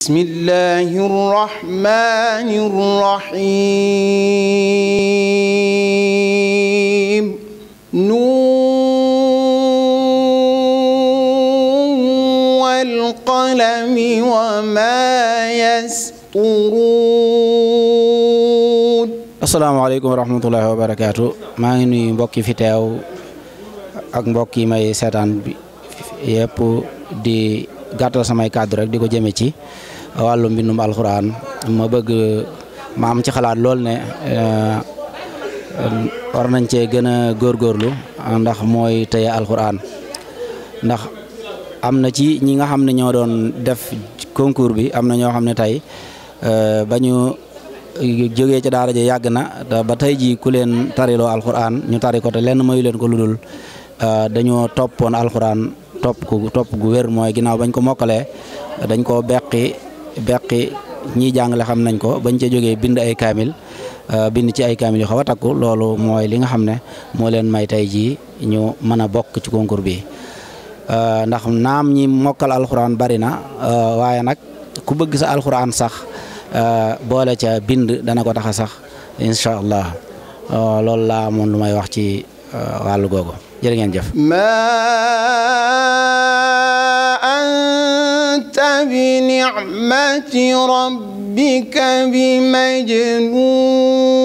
بسم الله الرحمن الرحيم نون والقلم وما يسطرون asalaamaaleykum wa rahmatullahi wa barakaatu maa ngi nuyu mbokki fi teew ak mbokk yi may seetaan bi yëpp di gàttal samay kàddu rek di ko jëme ci wàllu mbindum alxuraan ma bëgg maam ci xalaat lool ne eh, war nañ cee gën a góorgóorlu ndax mooy teye alxuraan ndax am na ci ñi nga xam ne ñoo doon def concours bi am na ñoo xam ne tey eh, ba ñu jógee ci daara ja yàgg na ba tey ji ku leen tariloo alxuraan ñu tari ko te lenn mayu leen ko lu ludul eh, dañoo toppoon alxuraan topp ku topp gu wér mooy ginnaaw bañ ko mokkalee dañ koo beqi beqi jàng le xam nañ ko bañ ca jógee bind ay kaamil euh, bind ci ay kaamil yu xaw a takku loolu mooy li nga xam ne moo leen may tey jii ñu mën a bokk ci konkur bi euh, ndax naam ñi mokkal alxuraan bari na euh, waaye nag ku bëgg sa alxuraan sax boole ca bind dana ko tax a sax incha allah loolu laa amoon lu may wax ci wàllu googu jërë ngeen jëf. بنعمة ربك بمجنون